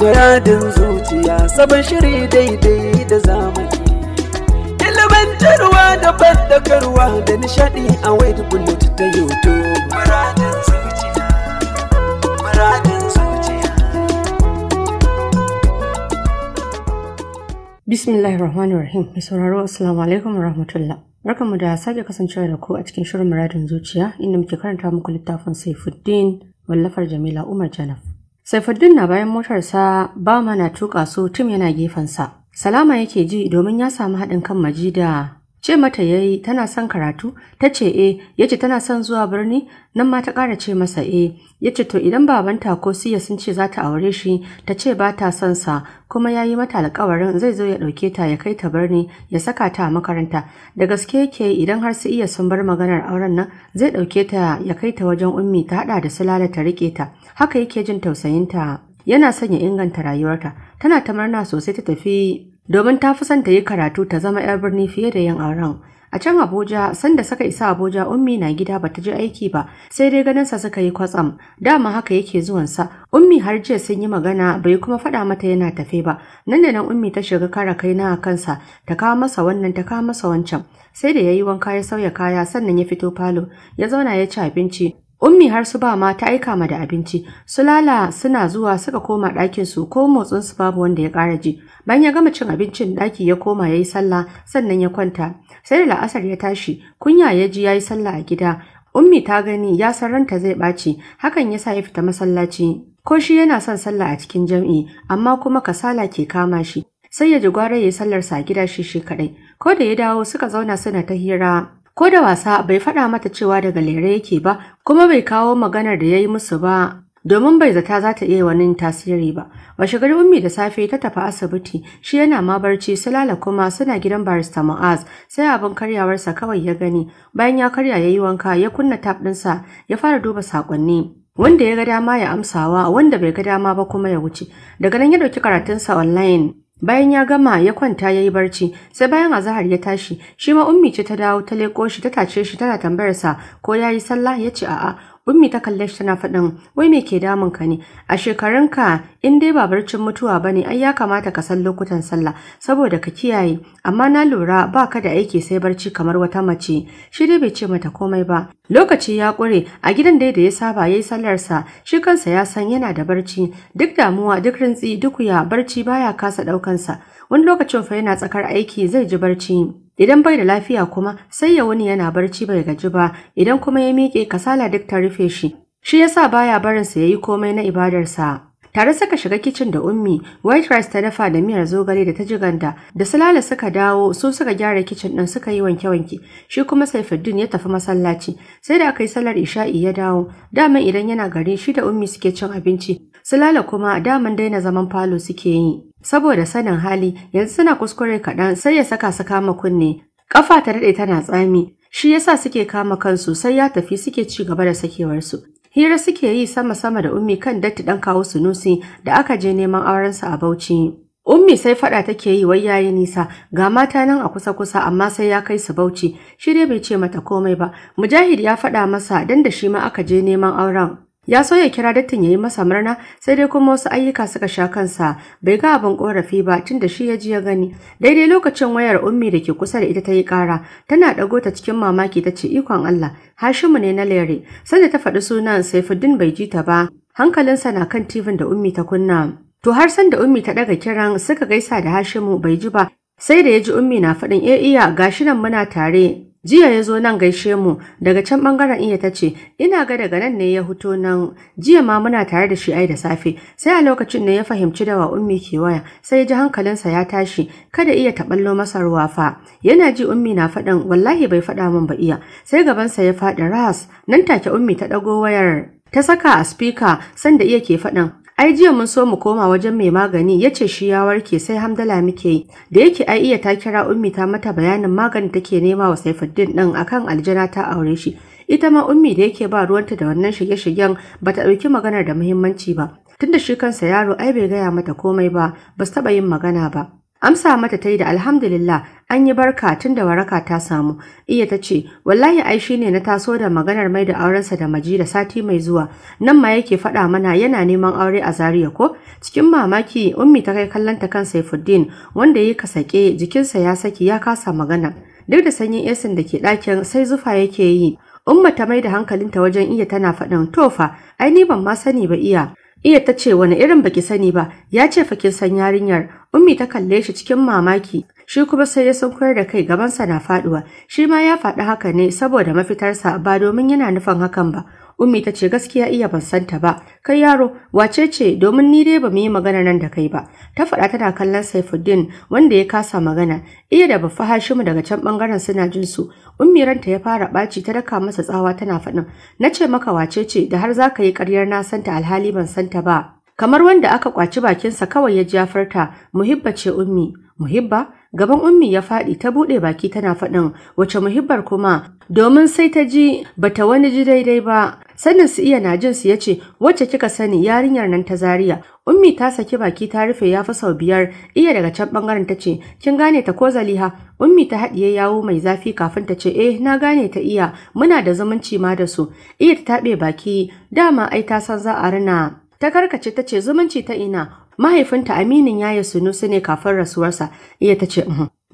Muradin zuciya sabon shiri daidai da zamani. Ilimantarwa da bandakarwa da nishadi a wayar bullet ta YouTube. zuciya, zuciya. Bismillahir Rahmanir Rahim. Mai sauraro Assalamu alaikum Rakan Barkanmu da sake kasancewa da ku a cikin shirin muradin zuciya inda muke karanta muku littafin Saifuddin wallafar Jamila Umar Janaf. Saifuddin na bayan motarsa ba mana tuka su Tim yana gefensa. Salama yake ji domin ya samu haɗin kan Majida ce mata ya yi tana son karatu ta ce e ya ce tana son zuwa birni nan ma ta ƙara ce masa e ya ce to idan babanta ko siya sun ce za ta aure shi ta ce ba ta son sa kuma ya yi mata alƙawarin zai zo ya ɗauke ta ya kai ta birni ya saka ta a makaranta da gaske yake idan har su iya sun bar maganar auren nan zai ɗauke ta ya kai ta wajen ummi ta haɗa da su lalata riƙe ta haka yake jin tausayinta yana son ya inganta rayuwarta tana ta murna sosai ta tafi domin ta fi son ta yi karatu ta zama 'yar birni fiye da yin auren. A can Abuja, sanda suka isa Abuja, Ummi na gida ba ta je aiki ba, sai dai ganinsa suka yi kwatsam. Dama haka yake zuwansa. Ummi har jiya sun yi magana, bai kuma faɗa mata yana tafe ba. Nan da nan Ummi ta shiga kara kai na kansa, ta kawo masa wannan, ta kawo masa wancan. Sai da yayi wanka ya sauya kaya, sannan ya fito falo, ya zauna ya ci abinci. Ummi har su ba ma ta aika ma da abinci, su lala suna zuwa suka koma ɗakin su ko motsin su babu wanda ya ƙara ji. Bayan ya gama cin abincin ɗaki ya koma ya yi sallah sannan ya kwanta. Sai da la'asar ya tashi, kunya ya ji ya yi sallah a gida. Ummi ta gani ya san ranta zai ɓaci, hakan ya sa ya fita masallaci. Ko shi yana son sallah a cikin jam'i, amma kuma kasala ke kama shi. Sai ya ji gwara ya yi sallarsa a gida shi shi kaɗai. Ko da ya dawo suka zauna suna ta hira Ko da wasa bai faɗa mata cewa daga lere yake ba, kuma bai kawo maganar da ya yi musu ba domin bai zata za ta iya wani tasiri ba. gari ummi da safe ta tafi asibiti, shi yana ma barci, Salala kuma suna gidan barista Mu'az, sai abin karyawarsa kawai ya gani. Bayan ya karya ya yi wanka, ya kunna tab sa, ya fara duba sakonni. Wanda ya ga dama ya amsawa, wanda bai ga dama ba kuma ya wuce. Daga nan ya ɗauki karatunsa online. Bayan ya gama ya kwanta ya yi barci, sai bayan azahar ya tashi, shi ma ummi ce ta dawo ta leko shi ta tace shi tana tambayar sa, ko ya yi sallah ya ce a'a, Ummi ta kalle shi tana faɗin, "Wai me ke damun ka ne? A shekarunka in dai ba barcin mutuwa ba ne, ai ya kamata ka san lokutan sallah saboda ka kiyaye. Amma na lura ba ka da aiki sai barci kamar wata mace." Shi dai bai ce mata komai ba. Lokaci ya kure, a gidan dai da ya saba yayi sallarsa, shi kansa ya san yana da barci. Duk damuwa, duk rintsi, duk ya barci baya kasa ɗaukansa. Wani lokacin fa yana tsakar aiki zai ji barci. Idan bai da lafiya kuma sai ya wuni yana barci bai gaji ba, idan kuma ya miƙe kasala duk ta rufe shi. Shi yasa baya barinsa ya yi komai na ibadarsa. Tare suka shiga kicin da ummi, white rice ta dafa da miyar zogale da ta jiganta, da salala suka dawo su suka gyara kicin ɗin suka yi wanke-wanke, shi kuma Saifuddin ya tafi masallaci, sai da aka yi salar isha'i ya dawo, daman idan yana gari shi da ummi suke cin abinci, Salala kuma daman daina zaman falo suke yi. saboda sanin hali yanzu suna kuskure kaɗan sai ya saka su kama kunne ƙafa ta daɗe tana tsami shi yasa suke kama kansu sai ya tafi suke ci gaba da sakewarsu hira suke yi sama-sama da ummi kan datti ɗan kawo sunusi da aka je neman aurensa a bauchi ummi sai faɗa take yi wai yayi nisa ga mata nan a kusa-kusa amma sai ya kai su bauchi shi dai bai ce mata komai ba mujahid ya faɗa masa dan da shi ma aka je neman auren Ya so ya kira dattin ya yi masa murna sai dai kuma wasu ayyuka suka sha kansa bai ga abin korafi ba tun da shi ya ji ya gani. Daidai lokacin wayar ummi da ke kusa da ita ta yi kara tana ɗago ta cikin mamaki ta ce ikon Allah Hashimu ne na lere sanda ta faɗi sunan Saifuddin bai ji ta ba hankalinsa na kan TV da ummi ta kunna. To har sanda ummi ta ɗaga kiran suka gaisa da Hashimu bai ji ba sai da ya ji ummi na faɗin e iya gashi nan muna tare Jiya ya zo nan gaishe mu daga can bangaren iya ta ce ina ga daga nan ne ya huto nan jiya ma muna tare da shi ai da safe sai a lokacin ne ya fahimci da wa ummi ke waya sai ji hankalinsa ya tashi kada iya taballo masa ruwa fa yana ji ummi na faɗan wallahi bai faɗa min ba iya sai gabansa ya faɗi ras nan take ummi ta ɗago wayar ta saka a spika sanda iya ke faɗin ai jiya mun so mu koma wajen mai magani yace shi ya warke sai hamdala muke yi da yake ai iya ta kira ummi ta mata bayanin maganin take nema wa Saifuddin din akan aljana ta aure shi ita ma ummi da yake ba ruwanta da wannan shige-shigen bata dauki maganar da muhimmanci ba tunda shi kansa yaro ai bai gaya mata komai ba basu taba yin magana ba Amsa mata ta yi da alhamdulillah an yi barka tun da waraka ta samu. Iya ta ce, wallahi ai shi ne na taso da maganar mai da aurensa da maji da sati mai zuwa. Nan ma yake faɗa mana yana neman aure a Zaria ko? Cikin mamaki ummi ta kai kallon ta kan Saifuddin wanda ya kasake jikinsa ya saki ya kasa magana. Duk da sanyin esin da ke ɗakin sai zufa yake yi. Umma ta mai da hankalinta wajen iya tana faɗin tofa, ai ni ban ma sani ba iya. Iya ta ce wani irin baki sani ba, ya ce fakin san yarinyar, Ummi ta kalle shi cikin mamaki, shi kuma sai ya sunkuyar da kai gabansa na faduwa. Shi ma ya faɗi haka ne saboda mafitarsa ba domin yana nufin hakan ba. Ummi ta ce gaskiya iya ban santa ba. Kai yaro, wace ce domin ni dai ba mu yi magana nan da kai ba. Ta faɗa tana kallon Saifuddin wanda ya kasa magana. Iya da baffa Hashimu daga can bangaren suna jin su. Ummi ranta ya fara ɓaci ta daka masa tsawa tana faɗin. Na ce maka wace ce da har za ka yi ƙaryar na santa alhali ban santa ba. kamar wanda aka kwaci bakinsa kawai ya jafarta muhibba ce ummi muhibba gaban ummi ya faɗi ta buɗe baki tana faɗin wace muhibbar kuma domin sai ta ji bata wani ji daidai ba sannan su iya najin su yace wacce kika sani yarinyar nan ta Zariya. ummi ta saki baki ta rufe yafi sau biyar iya daga can bangaren ta ce kin gane ta ko Zaliha ummi ta haɗiye yawo mai zafi kafin ta ce eh na gane ta iya muna da zumunci ma da su iya ta taɓe baki dama ai ta san za a rina ta karkace ta ce zumunci ta ina mahaifinta aminin yaya sunusu ne kafin rasuwarsa iya ta ce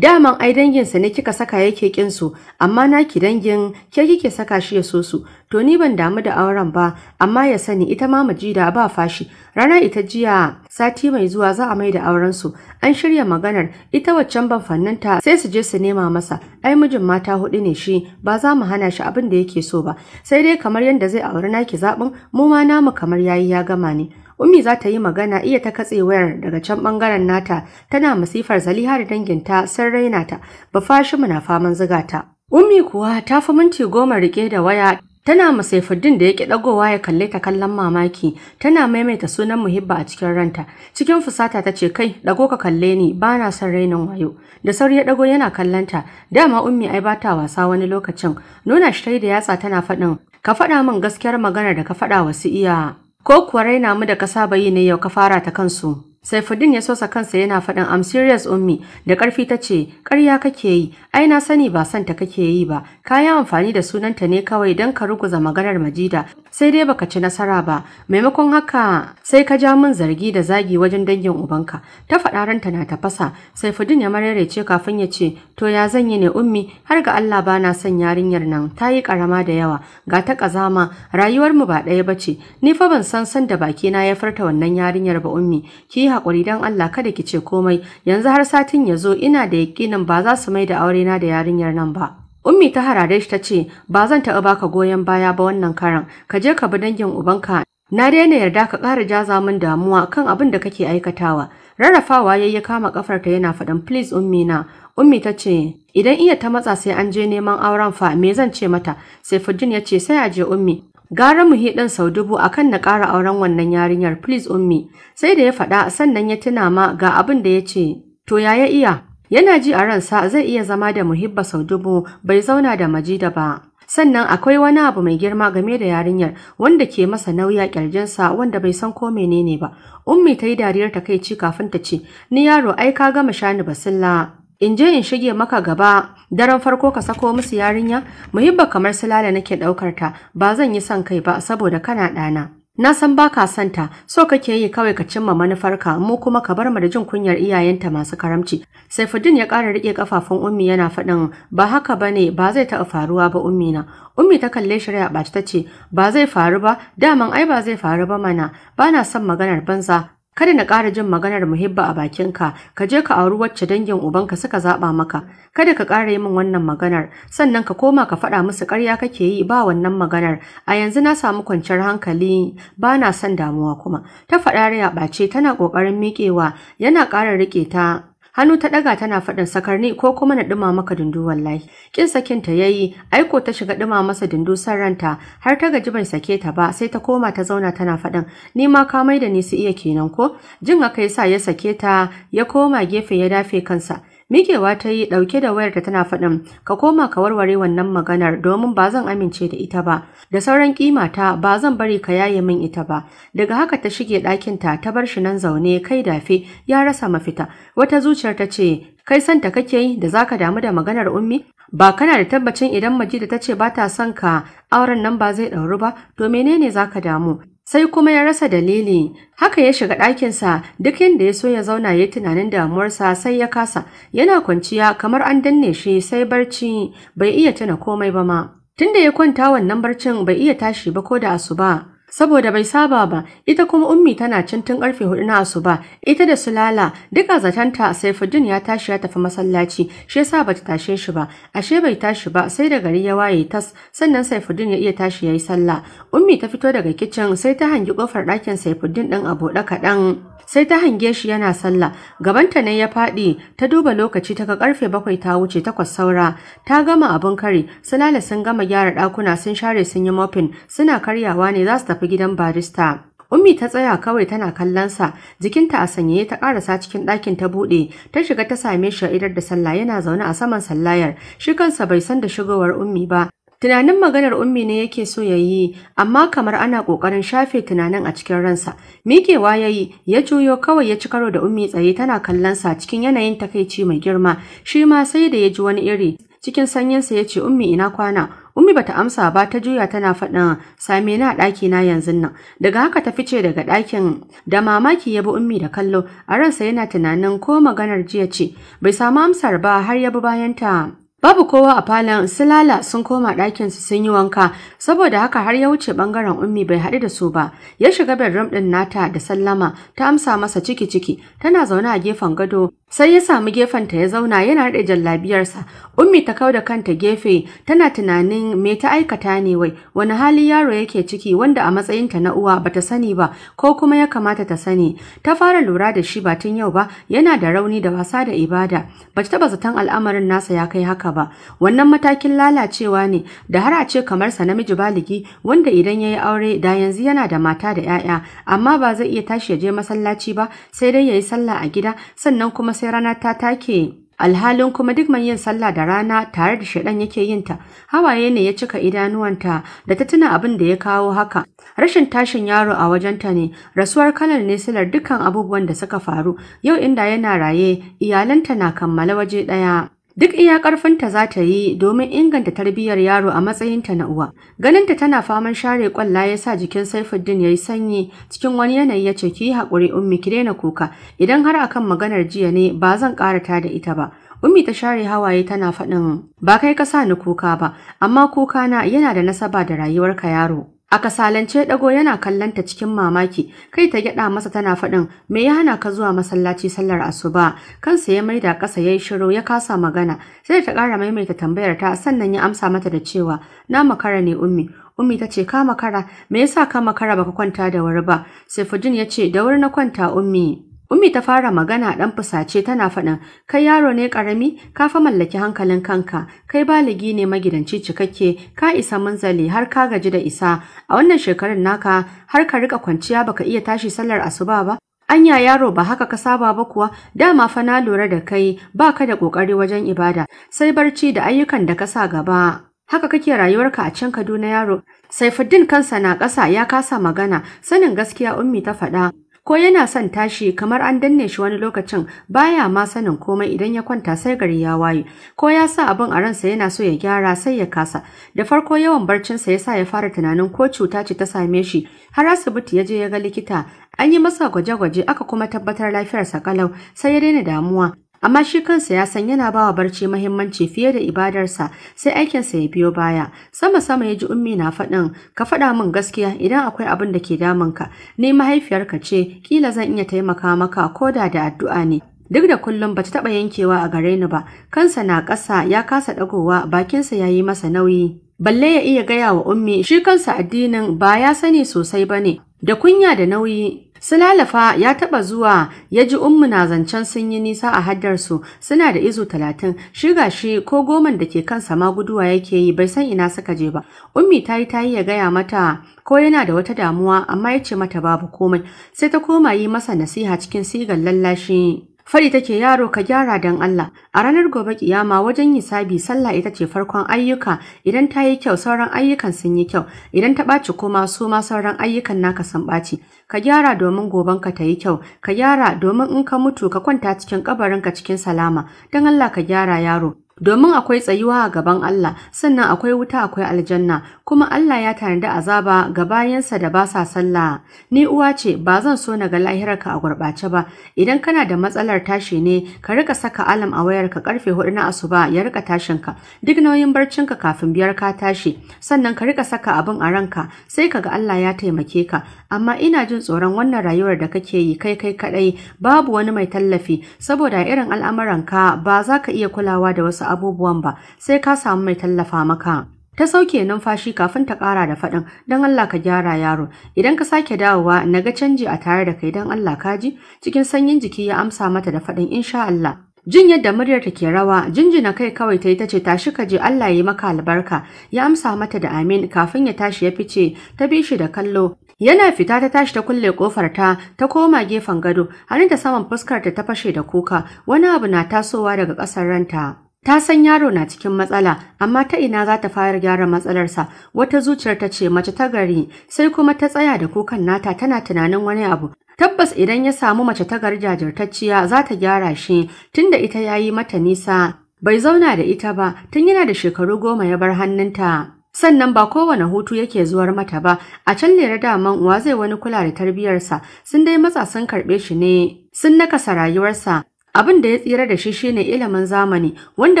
daman ai danginsa ne kika saka yake kin su amma naki dangin ke kike saka shi ya so su to ni ban damu da auren ba amma ya sani ita ma majida ba fashi rana ita jiya sati mai zuwa za a mai da auren su an shirya maganar ita waccan ban fannanta sai su je su nema masa ai mijin mata hudu ne shi ba za mu hana shi abin da yake so ba sai dai kamar yanda zai auri naki zabin mu ma namu kamar yayi ya gama ne Ummi za ta yi magana iya ta katse wayar daga can bangaren nata tana masifar Zaliha da danginta sun raina ta ba fashi muna faman zuga ta. Ummi kuwa ta fi minti goma rike da waya tana masaifuddin da yake dagowa ya kalle ta kallon mamaki tana maimaita sunan muhibba a cikin ranta cikin fusata ta ce kai dago ka kalle ni ba na son rainin wayo da sauri ya dago yana kallanta dama ummi ai ba ta wasa wani lokacin nuna shi da yatsa tana faɗin ka faɗa min gaskiyar magana da ka faɗa wasu iya ko kuwa raina mu da ka saba yi ne yau ka fara ta kansu. Saifuddin ya sosa kansa yana faɗin I'm serious ummi da ƙarfi ta ce ƙarya kake yi ai na sani ba santa kake yi ba ka yi amfani da sunanta ne kawai don ka ruguza maganar Majida sai dai baka ci nasara ba maimakon haka sai ka ja min zargi da zagi wajen dangin ubanka ta faɗa ranta na tafasa sai fudin ya mararece kafin ya ce to ya yi ne ummi har ga Allah ba na son yarinyar nan ta yi karama da yawa ga ta ƙazama, rayuwar mu ba ɗaya ba ce. ni fa ban san san da baki na ya furta wannan yarinyar ba ummi ki yi hakuri dan Allah kada ki ce komai yanzu har satin ya zo ina da yaƙinin ba za su mai da aure na da yarinyar nan ba Ummi ta harare shi ta ce, "Ba zan taɓa baka goyon baya ba wannan karan, ka je ka bi dangin ubanka." Na daina yarda ka ƙara jaza min damuwa kan abin da kake aikatawa. Rarrafawa yayi ya kama kafarta yana faɗin, "Please Ummi na." Ummi ta ce, "Idan iya ta matsa sai an je neman auren fa, me zan ce mata?" Saifuddin ya ce, "Sai a je Ummi, Gara mu hidin sau dubu akan na ƙara auren wannan yarinyar, please ummi. Sai da ya faɗa sannan ya tuna ma ga abin da ya ce, to yaya iya? Yana ji a ransa zai iya zama da muhibba sau dubu bai zauna da majida ba. Sannan akwai wani abu mai girma game da yarinyar wanda ke masa nauya ƙirjinsa wanda bai san ko menene ba. Ummi ta yi dariyar ta kai ci kafin ta ce, Ni yaro ai ka gama shani basilla. In je in shige maka gaba, daren farko ka sako musu yarinya, muhibba kamar sulala nake ɗaukar ta, ba zan yi son kai ba saboda kana ɗana. Na san ba ka santa, so kake yi kawai ka cimma manufarka, mu kuma ka bar mu da jin kunyar iyayenta masu karamci. Saifuddin ya ƙara riƙe kafafun Ummi yana faɗin, ba haka ba ne ba zai taɓa faruwa ba Ummi na. Ummi ta kalle shi rai a ɓaci ta ce, ba zai faru ba, daman ai ba zai faru ba mana, ba na son maganar banza, kada na ƙara jin maganar muhibba a bakinka ka je ka auri wacce dangin ubanka suka zaɓa maka kada ka ƙara yi min wannan maganar sannan ka koma ka faɗa musu ƙarya kake yi ba wannan maganar a yanzu na samu kwanciyar hankali ba na son damuwa kuma ta faɗa rai bace ɓace tana ƙoƙarin miƙewa yana ƙara riƙe ta hannu ta ɗaga tana faɗin sakarni ko kuma na ɗuma maka dundu wallahi kin sakin ta yayi aiko ta shiga ɗuma masa dundu san ranta har ta gaji bai sake ta ba sai ta koma ta zauna tana faɗin ni ma ka mai da ni su iya kenan ko jin haka yasa ya sake ta ya koma gefe ya dafe kansa Mikewa ta yi ɗauke da wayarta tana faɗin, ka koma ka warware wannan maganar domin ba zan amince da ita ba, da sauran kima ta ba zan bari ka yaye min ita ba. Daga haka ta shige ɗakinta ta bar shi nan zaune kai dafe ya rasa mafita. Wata zuciyar ta ce, kai santa kake yi da zaka damu da maganar ummi? Ba kana da tabbacin idan Majida ta ce ba ta son ka auren nan ba zai ɗauru ba, to menene zaka damu? sai kuma ya rasa dalili haka ya shiga ɗakinsa duk yadda ya so ya zauna ya yi tunanin damuwarsa sai ya kasa yana kwanciya kamar an danne shi sai barci bai iya tuna komai ba ma tunda ya kwanta wannan barcin bai iya tashi ba ko da asuba saboda bai saba ba ita kuma ummi tana cintin tun karfe hudu na asuba ita da sulala duka zatanta saifuddin ya tashi ya tafi masallaci shi yasa bata tashe shi ba ashe bai tashi ba sai da gari ya waye tas sannan saifuddin ya iya tashi yayi sallah ummi ta fito daga kicin sai ta hangi kofar ɗakin saifuddin din abu da kaɗan sai ta hange shi yana sallah gabanta ne ya faɗi ta duba lokaci ta ga karfe bakwai ta wuce takwas saura ta gama abun kari sulala sun gama gyara ɗakuna sun share sun yi mopin suna karyawa ne za su tafi gidan barista Ummi ta tsaya kawai tana kallon sa jikinta a sanyaye ta karasa cikin ɗakin ta buɗe, ta shiga ta same shi a idar da sallah yana zaune a saman sallayar, shi kansa bai san da shigowar Ummi ba, Tunanin maganar ummi ne yake so ya yi, amma kamar ana ƙoƙarin shafe tunanin a cikin ransa. Miƙewa ya yi, ya juyo kawai ya ci karo da ummi tsaye tana kallon sa cikin yanayin takaici mai girma, shi ma sai da ya ji wani iri. Cikin sanyinsa ya ce, Ummi ina kwana, Ummi bata amsa ba ta juya tana faɗin same na ɗaki na yanzu nan. Daga haka ta fice daga ɗakin da mamaki ya bi Ummi da kallo, a ransa yana tunanin ko maganar jiya ce, bai samu amsar ba har ya bi bayanta Babu kowa a falon Silala sun koma ɗakinsu sun yi wanka saboda haka har ya wuce ɓangaren ummi bai haɗu da su ba ya shiga bedroom ɗin nata da sallama ta amsa masa ciki ciki tana zaune a gefen gado Sai ya samu gefen ta ya zauna yana riɗe jallabiyarsa. Ummi ta kau da kanta gefe tana tunanin me ta aikata ne wai wani hali yaro yake ciki wanda a matsayinta na uwa bata sani ba ko kuma ya kamata ta sani. Ta fara lura da shi ba tun yau ba yana da rauni da wasa da ibada. Bata taba zaton al'amarin nasa ya kai haka ba. Wannan matakin lalacewa ne da har a ce kamar sa namiji baligi wanda idan yayi aure da yanzu yana da mata da 'ya'ya amma ba zai iya tashi ya je masallaci ba sai dai yayi sallah a gida sannan kuma sai rana ta take alhalin kuma duk mai yin sallah da rana tare da shaidan yake yin ta hawaye ne ya cika idanuwanta da ta tuna abin da ya kawo haka rashin tashin yaro a wajenta ne rasuwar kalar ne silar dukkan abubuwan da suka faru yau inda yana raye iyalanta na kammala waje daya Duk iya ƙarfinta za ta yi domin inganta tarbiyyar yaro a matsayinta na uwa. Ganinta tana faman share ƙwalla ya sa jikin Saifuddin ya yi sanyi cikin wani yanayi ya ce ki haƙuri ummi ki daina kuka idan har akan maganar jiya ne ba zan ƙarata da ita ba. Ummi ta share hawaye tana faɗin ba kai ka sa ni kuka ba amma kuka na yana da nasaba da rayuwarka yaro. A kasalance dago yana kallanta cikin mamaki, kai ta gyada masa tana faɗin, "Me ya hana ka zuwa masallaci sallar asuba?" Kansa ya maida ƙasa yayi shiru ya kasa magana, sai ta ƙara maimaita tambayar ta sannan ya amsa mata da cewa, "Na makara ne ummi." Ummi ta ce, "Ka makara, me yasa ka makara baka kwanta da wuri ba?" Saifuddin ya ce, "Da wuri na kwanta ummi." Ummi ta fara magana ɗan fusace tana faɗin, "Kai yaro ne ƙarami, ka fa mallaki hankalin kanka, kai baligi ne magidanci cikakke, ka isa munzali har ka gaji da isa, a wannan shekarun naka har ka rika kwanciya baka iya tashi sallar asuba ba?" Anya yaro ba haka ka saba ba kuwa, dama fa na lura da kai, ba ka da ƙoƙari wajen ibada, sai barci da ayyukan da ka sa gaba. haka kake rayuwarka a can Kaduna yaro Saifuddin kansa na ƙasa ya kasa magana sanin gaskiya ummi ta faɗa ko yana son tashi kamar an danne shi wani lokacin baya ma sanin komai idan ya kwanta sai gari ya waye ko ya sa abin a ransa yana so ya gyara sai ya kasa da farko yawan barcinsa ya sa ya fara tunanin ko cuta ce ta same shi har asibiti ya je ya ga likita an yi masa gwaje-gwaje aka kuma tabbatar lafiyarsa kalau sai ya daina damuwa amma shi kansa ya san yana bawa barci mahimmanci fiye da ibadarsa sai aikinsa ya biyo baya sama sama ya ji ummi na faɗin ka faɗa min gaskiya idan akwai abin da ke damunka ni mahaifiyarka ce kila zan iya taimaka maka ko da da addu'a ne duk da kullum bata taɓa yankewa a gare ni ba kansa na ƙasa ya kasa ɗagowa bakinsa ya yi masa nauyi balle ya iya gaya wa ummi shi kansa addinin ba ya sani sosai ba ne da kunya da nauyi Sulalafa ya taba zuwa ya ji ummu na zancen sun yi nisa a haddarsu suna da izo talatin shi shi ko goman da ke kansa ma guduwa yake yi bai san ina suka je ba. Ummi ta yi ta yi ya gaya mata ko yana da wata damuwa amma ya ce mata babu komai sai ta koma yi masa nasiha cikin sigar lallashi. Fari take yaro ka gyara dan Allah. A ranar gobe kiyama wajen hisabi sallah ita ce farkon ayyuka idan ta yi kyau sauran ayyukan sun yi kyau idan ta ɓaci kuma su ma sauran ayyukan naka sun ɓaci. Ka gyara domin goban ka ta yi kyau. Ka gyara domin in ka mutu ka kwanta cikin kabarin ka cikin salama. dan Allah ka gyara yaro. domin akwai tsayuwa a gaban Allah sannan akwai wuta akwai aljanna kuma Allah ya tanadi azaba ga bayansa da ba sa sallah ni uwa ce ba zan so na ga lahirarka a gurɓace ba idan kana da matsalar tashi ne ka rika saka alam a wayarka karfe hudu na asuba ya rika tashin ka duk nauyin ka kafin biyar ka tashi sannan ka rika saka abin a ranka sai ka ga Allah ya taimake ka amma ina jin tsoron wannan rayuwar da kake yi kai kai kadai babu wani mai tallafi saboda irin al'amuranka ba za ka iya kulawa da wasu abubuwan ba sai ka samu mai tallafa maka ta sauke numfashi kafin ta ƙara da faɗin don Allah ka gyara yaro idan ka sake dawowa na ga canji a tare da kai don Allah ka ji cikin sanyin jiki ya amsa mata da faɗin insha Allah jin yadda muryar ta ke rawa jinjina kai kawai ta yi ta ce tashi ka je Allah ya yi maka albarka ya amsa mata da amin kafin ya tashi ya fice ta bi shi da kallo yana fita ta tashi ta kulle kofar ta ta koma gefen gado hannunta saman fuskar ta ta fashe da kuka wani abu na tasowa daga ƙasar ranta Ta san yaro na cikin matsala, amma ta ina za ta fara gyara matsalarsa, wata zuciyar ta ce mace ta gari, sai kuma ta tsaya da kukan nata tana tunanin wani abu. Tabbas idan ya samu mace ta gari jajirtacciya za ta gyara shi, tunda ita ya yi mata nisa. Bai zauna da ita ba, tun yana da shekaru goma ya bar hannunta. Sannan ba kowane hutu yake zuwar mata ba, a can lera daman uwa zai wani kula da tarbiyyarsa. sun dai matsa sun karɓe shi ne, sun nakasa rayuwarsa, Abin da ya tsira da shi shine ilimin zamani wanda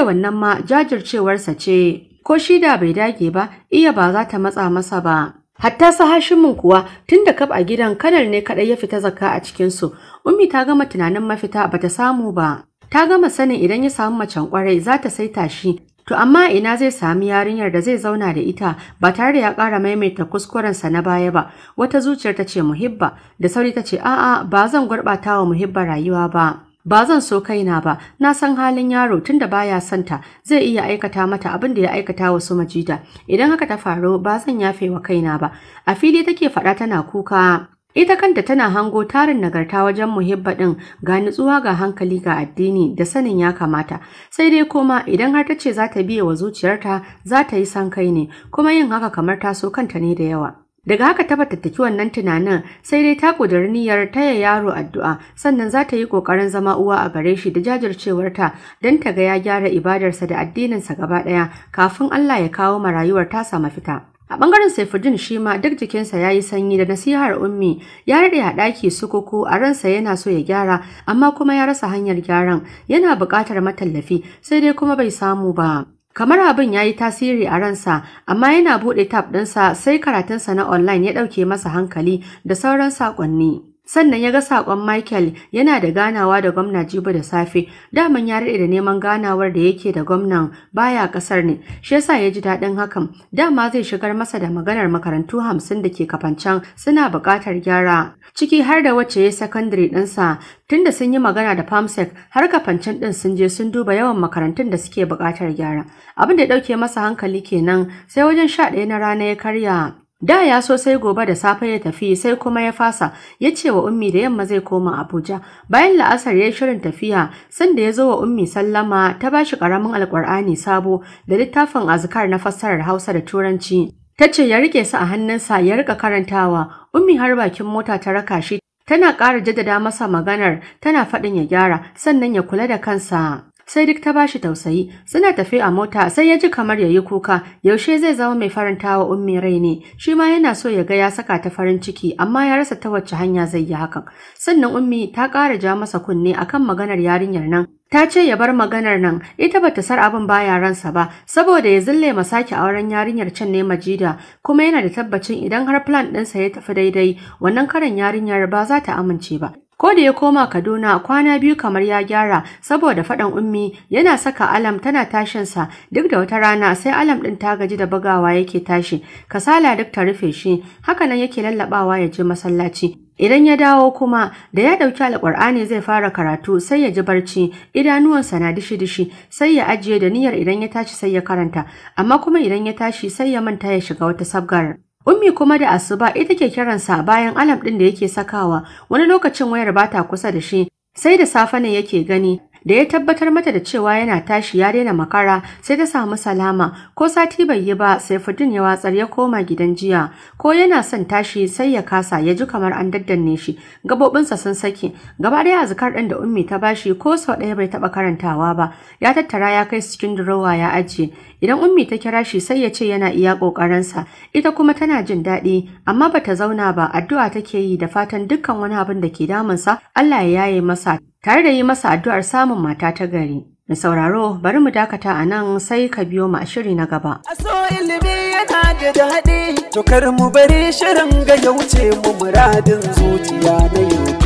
wannan ma jajircewarsa ce. Ko shi da bai dage ba, iya ba za ta matsa masa ba. Hatta su hashimin kuwa tun da kaf a gidan kanar ne kaɗai ya fita zakka a cikinsu, Ummi ta gama tunanin mafita ba ta samu ba. Ta gama sanin idan ya samu macen kwarai za ta saita shi, to amma ina zai sami yarinyar da zai zauna da ita ba tare da ya kara maimaita kuskurensa na baya ba. Wata zuciyar ta ce muhibba, da sauri ta ce a'a ba zan gurɓata wa muhibba rayuwa ba. ba zan so kaina ba na san halin yaro tunda baya santa zai iya aikata mata abin da ya aikata wa su majida idan haka ta faru ba zan yafe wa kaina ba a fili take faɗa tana kuka Ita kanta tana hango tarin nagarta wajen muhibba din ga nutsuwa ga hankali ga addini da sanin ya kamata. Sai dai koma idan har ta ce za ta biye wa zuciyarta za ta yi san kai ne, kuma yin haka kamar ta so kanta ne da yawa. Daga haka ta fatattaki wannan tunanin sai dai ta ƙudiri niyyar taya yaro addu'a sannan za ta yi ƙoƙarin zama uwa a gare shi da jajircewar ta, don ta ga ya gyara ibadarsa da addininsa gaba ɗaya kafin Allah ya kawo ma rayuwar ta sama fita. A ɓangaren Saifuddin shi ma duk jikinsa ya yi sanyi da nasihar ummi ya daɗe a ɗaki sukuku a ransa yana so ya gyara amma kuma ya rasa hanyar gyaran yana buƙatar matallafi sai dai kuma bai samu ba. Kamar abin ya yi tasiri a ransa, amma yana buɗe tab ɗinsa sai karatunsa na online ya ɗauke masa hankali da sauran saƙonni. sannan ya ga sakon Michael yana da ganawa da gwamna Jibo da safe daman ya rade da neman ganawar da yake da gwamnan baya kasar ne shi yasa ya ji dadin hakan dama zai shigar masa da maganar makarantu 50 da ke kafancan suna buƙatar gyara ciki har da wacce ya secondary ɗinsa tunda sun yi magana da pamsec har kafancan din sun je sun duba yawan makarantun da suke buƙatar gyara abin da ya dauke masa hankali kenan sai wajen 11 na rana ya karya Da ya so sai gobe da safe ya tafi sai kuma ya fasa ya ce wa ummi da yamma zai koma Abuja bayan la'asar ya shirin tafiya sanda ya zo wa ummi sallama ta bashi karamin alkur'ani sabo da littafin azkar na fassarar Hausa da Turanci ta ce ya rike su a hannunsa ya rika karantawa ummi har bakin mota ta raka shi tana ƙara jaddada masa maganar tana faɗin ya gyara sannan ya kula da kansa sai duk ta bashi tausayi suna tafi a mota sai ya ji kamar yayi kuka yaushe zai zama mai faranta wa ummi rai ne shi ma yana so ya ga ya saka ta farin ciki amma ya rasa ta wacce hanya zai yi hakan sannan ummi ta ƙara ja masa kunne akan maganar yarinyar nan Ta ce ya bar maganar nan, ita bata sar abin ba ransa ba, saboda ya zille masaki auren yarinyar can ne Majida, kuma yana da tabbacin idan har plan ɗinsa ya tafi daidai, wannan karan yarinyar ba za ta amince ba. Ko da ya koma Kaduna kwana biyu kamar ya gyara saboda faɗan ummi yana saka alam tana tashinsa duk da wata rana sai alam ɗin ta gaji da bugawa yake tashi kasala duk ta rufe shi haka nan yake lallabawa ya je masallaci Idan ya dawo kuma da ya ɗauki alƙur'ani zai fara karatu sai ya ji barci idanuwansa na dishi-dishi sai ya ajiye da niyyar idan ya tashi sai ya karanta amma kuma idan ya tashi sai ya manta ya shiga wata sabgar. Ummi kuma da Asuba ita ke kiransa bayan alam ɗin da yake sakawa, wani lokacin wayar ba ta kusa da shi, sai da safe ne yake gani da ya tabbatar mata da cewa yana tashi ya daina makara sai ta samu salama ko sati bai yi ba sai fudin ya watsar ya koma gidan jiya ko yana son tashi sai ya kasa ya ji kamar an daddanne shi gabobinsa sun saki gaba daya azkar din da ummi ta bashi ko sau ɗaya bai taba karantawa ba ya tattara ya kai cikin durowa ya ajiye idan ummi ta kira shi sai ya ce yana iya sa ita kuma tana jin daɗi amma bata zauna ba addu'a take yi da fatan dukkan wani abin da ke damunsa Allah ya yaye masa tare da yi masa addu'ar samun mata ta gari. Mai sauraro bari mu dakata a nan sai ka biyo mu a shiri na gaba. A so ilimi yana da daɗi, to kar mu bari shirin ga wuce mu muradin zuciya na yau.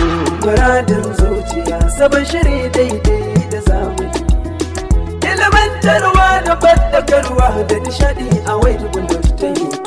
Muradin zuciya sabon shiri daidai da zamani. Ilimantarwa da fadakarwa da nishaɗi a wai da ta yi.